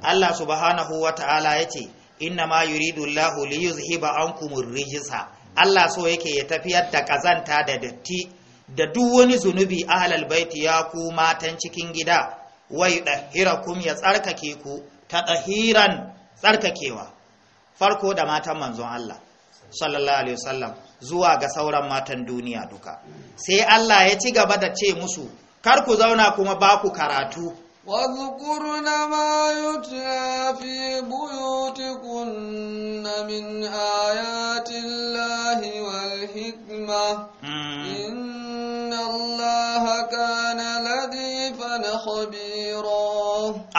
Allah subhanahu wa ta'ala yace inna ma yuridu Allahu li yuzhiba ankumur rijsa Allah so yake ya tafiyar da kazanta da datti da duk wani zunubi ahlal baiti ya ku matan cikin gida wai dahirakum ya tsarkake ku ta dahiran tsarkakewa farko da matan manzon Allah sallallahu alaihi wasallam zuwa ga sauran matan duniya duka sai Allah ya ci gaba da ce musu kar ku zauna kuma ba ku karatu واذكرن ما يتلى في بيوتكن من آيات الله والحكمة إن الله كان لطيفا خبيرا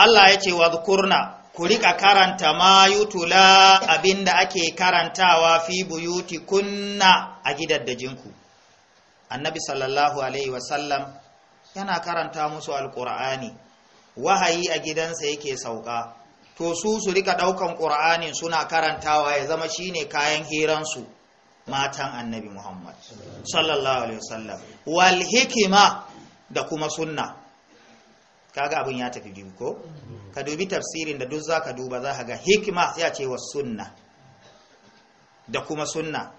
الله يتي واذكرنا ku rika karanta ma yutula abinda ake karantawa fi buyuti kunna a gidaddajinku annabi sallallahu alaihi wasallam yana karanta musu alkur'ani wahayi a gidansa yake sauka to su su rika daukan qur'ani suna karantawa ya zama shine kayan hiran su matan annabi muhammad sallallahu alaihi wasallam wal hikima da kuma sunna kaga abin ya tafi biyu ko ka dubi tafsirin da duk zaka duba za ka ga hikima ya ce wa sunna da kuma sunna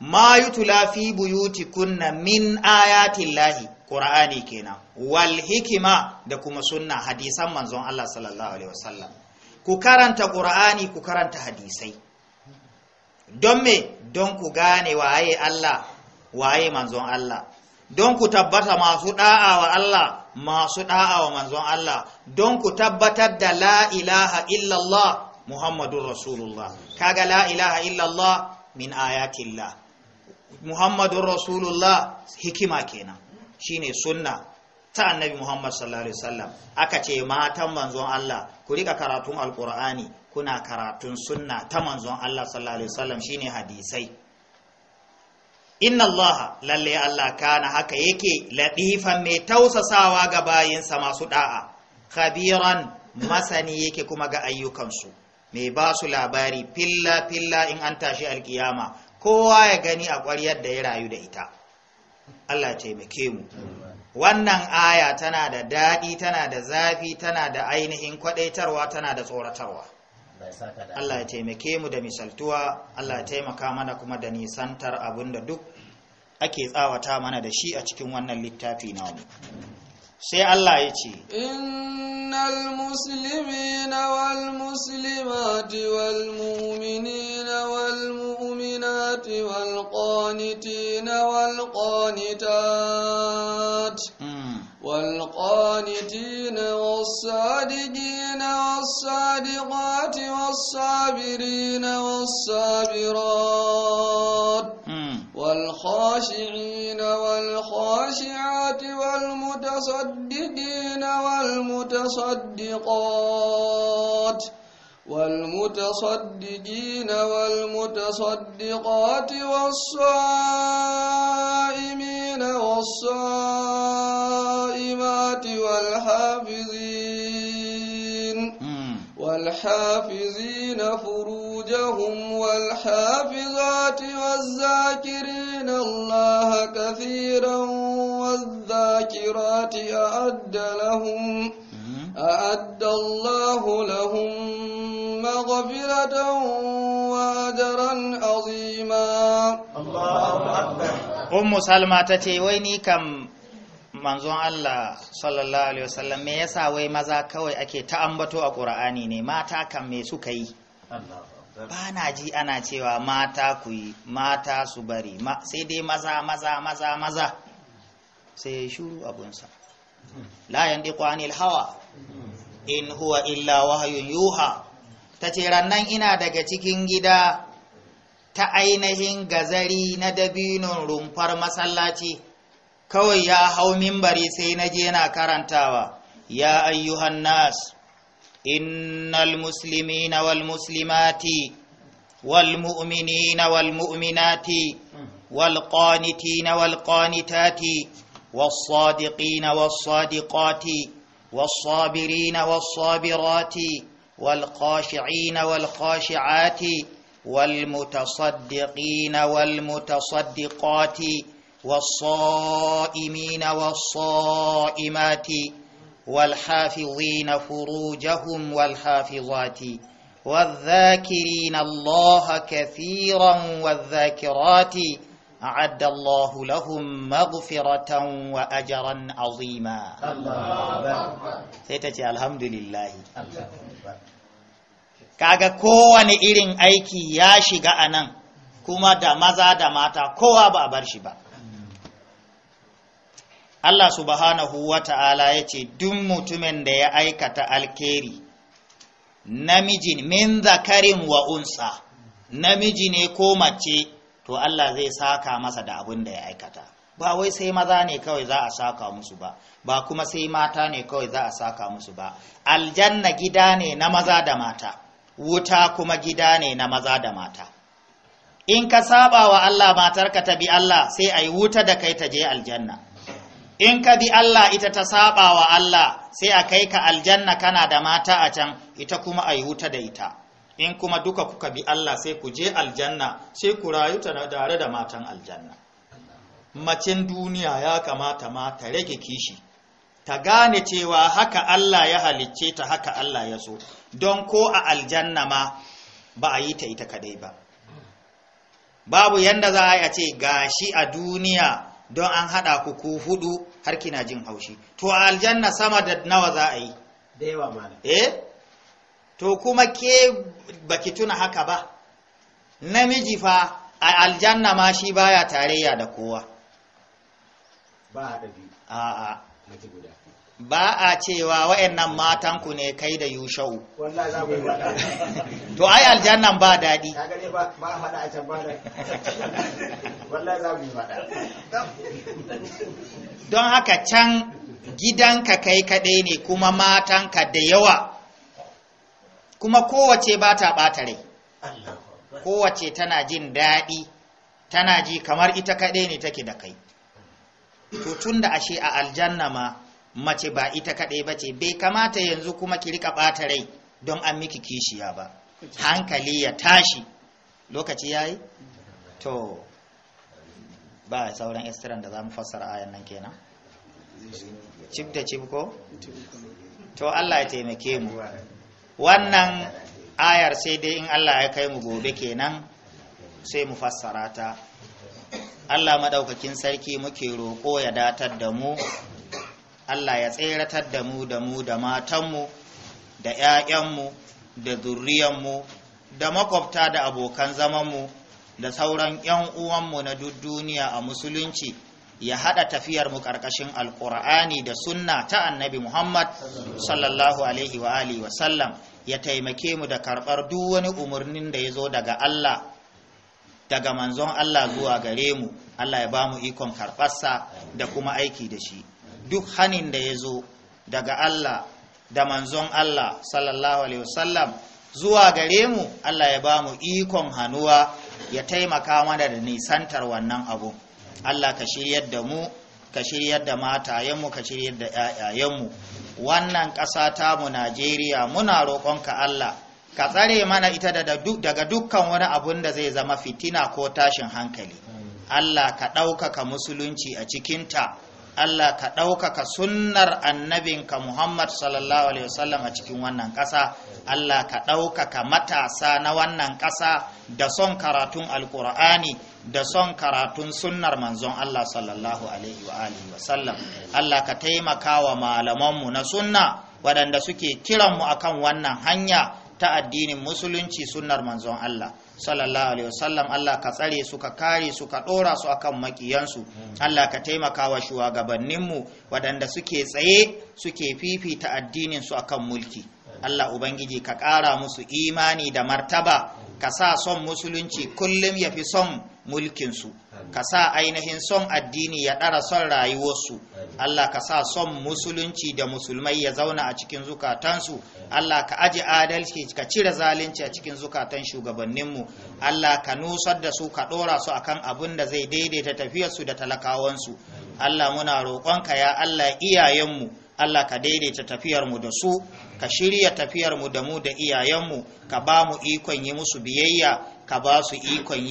ma yutula fi buyutikunna min ayatillahi lahi qur'ani kenan wal hikima da kuma sunna hadisan manzon Allah sallallahu alaihi wasallam ku karanta qur'ani ku karanta hadisai don me don ku gane waye Allah waye manzon Allah don ku tabbata masu da'a wa Allah masu da'a wa manzon Allah don ku tabbatar da la ilaha illallah muhammadur rasulullah kaga la ilaha illallah min ayatillah muhammadur rasulullah hikima kenan shine sunna ta annabi Muhammad sallallahu alaihi wasallam aka ce matan manzon Allah ku rika karatun alqur'ani kuna karatun sunna ta manzon Allah sallallahu alaihi wasallam shine hadisai inna Allah lalle Allah kana haka yake latifan mai tausasawa ga bayinsa masu da'a khabiran masani yake kuma ga ayyukansu mai ba su labari filla filla in an tashi alkiyama kowa ya gani a ƙwaryar da ya rayu da ita Allah taimake mu wannan aya tana da daɗi tana da zafi tana da ainihin kwaɗaitarwa tana da tsoratarwa Allah ya taimake mu da misaltuwa Allah taimaka mana kuma da nisantar abin da duk ake tsawata mana da shi a cikin wannan littafi namu sai Allah ya ce innal muslimina wal muslimati wal mu'minina wal mu'minati wal qanitina wal qanitat والقانتين والصادقين والصادقات والصابرين والصابرات والخاشعين والخاشعات والمتصدقين والمتصدقات والمتصدقين والمتصدقات والصائمين والصائمات والحافظين والحافظين فروجهم والحافظات والذاكرين الله كثيرا والذاكرات أعد لهم أعد الله لهم مغفرة وأجرا عظيما الله أكبر أم سلمى تتي ويني كم manzon Allah sallallahu alaihi wasallam me yasa wai maza kawai ake ta ambato a Qur'ani ne mata kan me suka yi ba na ji ana cewa mata ku yi mata su bari Ma, sai dai maza maza maza maza sai ya shuru abunsa la yandiqu anil hawa in huwa illa wahayun yuha tace rannan ina daga cikin gida ta ainihin gazari na dabinon rumfar masallaci kawai ya hau mimbari sai na je na karantawa ya ayyuhan nas innal muslimina wal muslimati wal mu'minina wal mu'minati wal qanitina wal qanitati was sadiqina was sadiqati was sabirina was sabirati wal khashi'ina wal khashi'ati wal mutasaddiqina wal mutasaddiqati والصائمين والصائمات والحافظين فروجهم والحافظات والذاكرين الله كثيرا والذاكرات أعد الله لهم مغفرة وأجرا عظيما سيتتي الحمد لله kaga kowane irin aiki ya shiga anan kuma da maza da mata kowa ba a bar shi ba Allah subhanahu wa ta'ala ya ce, Duk mutumin da ya aikata alkeri, namiji min zakarin wa unsa, namiji ne ko mace, to Allah zai saka masa da abin da ya aikata. Ba wai sai maza ne kawai za a saka musu ba, ba kuma sai mata ne kawai za a saka musu ba. Aljanna gida ne na maza da mata, wuta kuma gida ne na maza da mata. In ka saba wa Allah matarka ta bi Allah sai a yi wuta da kai ta je aljanna. in ka bi Allah ita ta saba wa Allah sai a kai ka aljanna kana da mata a can ita kuma a yi wuta da ita in kuma duka kuka bi Allah sai ku je aljanna sai ku rayu tare da matan aljanna macen duniya ya kamata ma ta rage kishi ta gane cewa haka Allah ya halicce ta haka Allah ya so don ko a aljanna ma ba a yi ta ita kadai ba babu yanda za a ce gashi a duniya don an haɗa ku ku hudu har kina jin haushi to aljanna sama da nawa za a yi da yawa eh to kuma ke baki tuna haka ba namiji fa a aljanna ma shi baya tarayya da kowa ba a a a ba a cewa wa'annan matanku ne kai da yushau to ai aljannan ba daɗi don haka can gidanka kai kaɗai ne kuma matanka da yawa kuma kowace ba ta ɓata rai kowace tana jin daɗi tana ji kamar ita kaɗai ne take da kai to tun da ashe a aljanna ma mace ba ita kaɗai ba ce bai kamata yanzu kuma ki rika ɓata rai don an miki kishiya ba hankali ya tashi lokaci ya yi to ba sauran istiran da za mu fassara ayan nan kenan cif da cif ko to allah ya taimake mu wannan ayar sai dai in allah ya kai mu gobe kenan sai mu fassara ta allah maɗaukakin sarki muke roƙo ya datar da mu Allah ya tseratar da mu da mu da matanmu da 'ya'yanmu da zurriyanmu da makwabta da abokan zamanmu da sauran 'yan uwanmu na duk duniya a musulunci ya haɗa tafiyarmu ƙarƙashin alƙur'ani da sunna ta annabi muhammad sallallahu alaihi wa alihi ya taimake mu da karɓar duk wani umarnin da ya zo daga allah daga manzon allah zuwa gare mu allah ya ba mu ikon karɓarsa da kuma aiki da shi duk hanin da ya zo daga Allah da manzon Allah sallallahu alaihi wasallam zuwa gare mu Allah ya ba mu ikon hannuwa ya taimaka mana da nisantar wannan abu Allah ka shiryar da mu ka shirya da matayenmu ka shiryar da ‘ya'yayenmu wannan ƙasa tamu najeriya muna roƙonka allah ka tsare mana ita daga dukkan wani abun da zai zama fitina ko tashin hankali allah ka ɗaukaka musulunci a cikinta Allah ka ɗaukaka sunnar annabinka Muhammad sallallahu Alaihi wasallam a cikin wannan ƙasa, Allah ka ɗaukaka matasa na wannan ƙasa da son karatun Alƙur'ani da son karatun sunnar manzon Allah sallallahu Alaihi wa alihi wasallam. Allah ka taimaka wa malamanmu na sunna waɗanda suke kiranmu akan wannan hanya ta addinin musulunci sunnar manzon Allah. sallallahu alaihi wasallam Allah ka tsare su ka kare su ka dora su akan makiyansu Allah ka taimaka wa shugabanninmu waɗanda suke tsaye suke fifita addinin su akan mulki Allah ubangiji ka ƙara musu imani da martaba ka sa son musulunci kullum ya fi son mulkinsu ka sa ainihin son addini ya ɗara son rayuwarsu Allah ka sa son musulunci da musulmai ya zauna a cikin zukatansu Allah ka aji adalci ka cire zalunci a cikin zukatan shugabanninmu Allah ka nusar da su ka ɗora su akan abin da zai daidaita tafiyarsu da talakawansu Allah muna roƙonka ya Allah iyayenmu Allah ka daidaita tafiyarmu da su ka shirya tafiyarmu da mu da iyayenmu ka ba mu ikon yi musu biyayya ka ba su ikon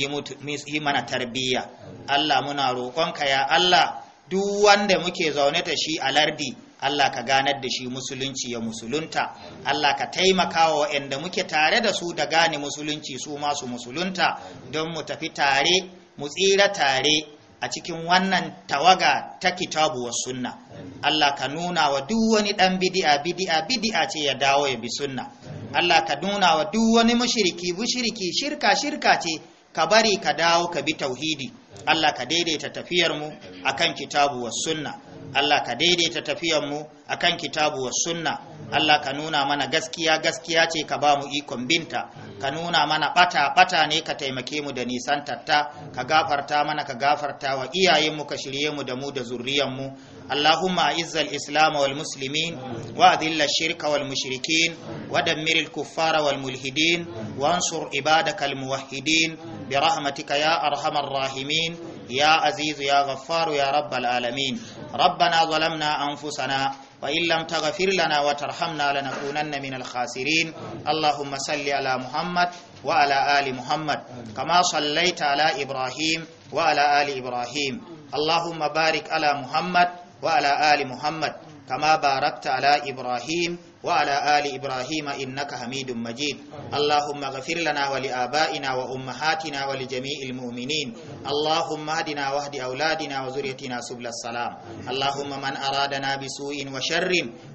yi mana tarbiyya Allah muna roƙonka ya Allah duk wanda muke zaune ta shi a lardi Allah ka ganar da shi musulunci ya musulunta Allah ka taimaka wa waɗanda muke tare da su da gane musulunci su masu musulunta don mu tafi tare mu tsira tare a cikin wannan tawaga ta kitabu wa sunna Allah ka nuna wa duk wani ɗan bidi'a bidi'a bidi'a ce ya dawo ya bi sunna Allah ka nuna wa duk wani mushiriki-mushiriki shirka shirka ce ka bari ka dawo ka bi tauhidi Allah ka daidaita tafiyarmu mu akan kitabu wa sunna Allah ka daidaita tafiyarmu mu akan kitabu wa sunna Allah ka nuna mana gaskiya gaskiya ce ka ba mu ikon binta ka nuna mana ɓata-ɓata ne ka taimake mu da nisan tatta ka gafarta mana ka gafarta wa iyayenmu, ka shirye mu da mu da zurriyanmu. اللهم أعز الإسلام والمسلمين وأذل الشرك والمشركين ودمر الكفار والملحدين وانصر عبادك الموحدين برحمتك يا أرحم الراحمين يا عزيز يا غفار يا رب العالمين ربنا ظلمنا أنفسنا وإن لم تغفر لنا وترحمنا لنكونن من الخاسرين اللهم صل على محمد وعلى آل محمد كما صليت على إبراهيم وعلى آل إبراهيم اللهم بارك على محمد وعلى آل محمد كما باركت على إبراهيم وعلى آل إبراهيم إنك حميد مجيد اللهم اغفر لنا ولآبائنا وأمهاتنا ولجميع المؤمنين اللهم اهدنا واهد أولادنا وذريتنا سبل السلام اللهم من أرادنا بسوء وشر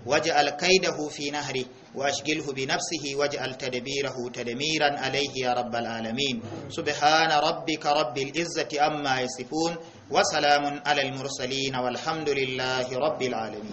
واجعل كيده في نهره واشغله بنفسه واجعل تدبيره تدميرا عليه يا رب العالمين سبحان ربك رب العزة أما يصفون وسلام على المرسلين والحمد لله رب العالمين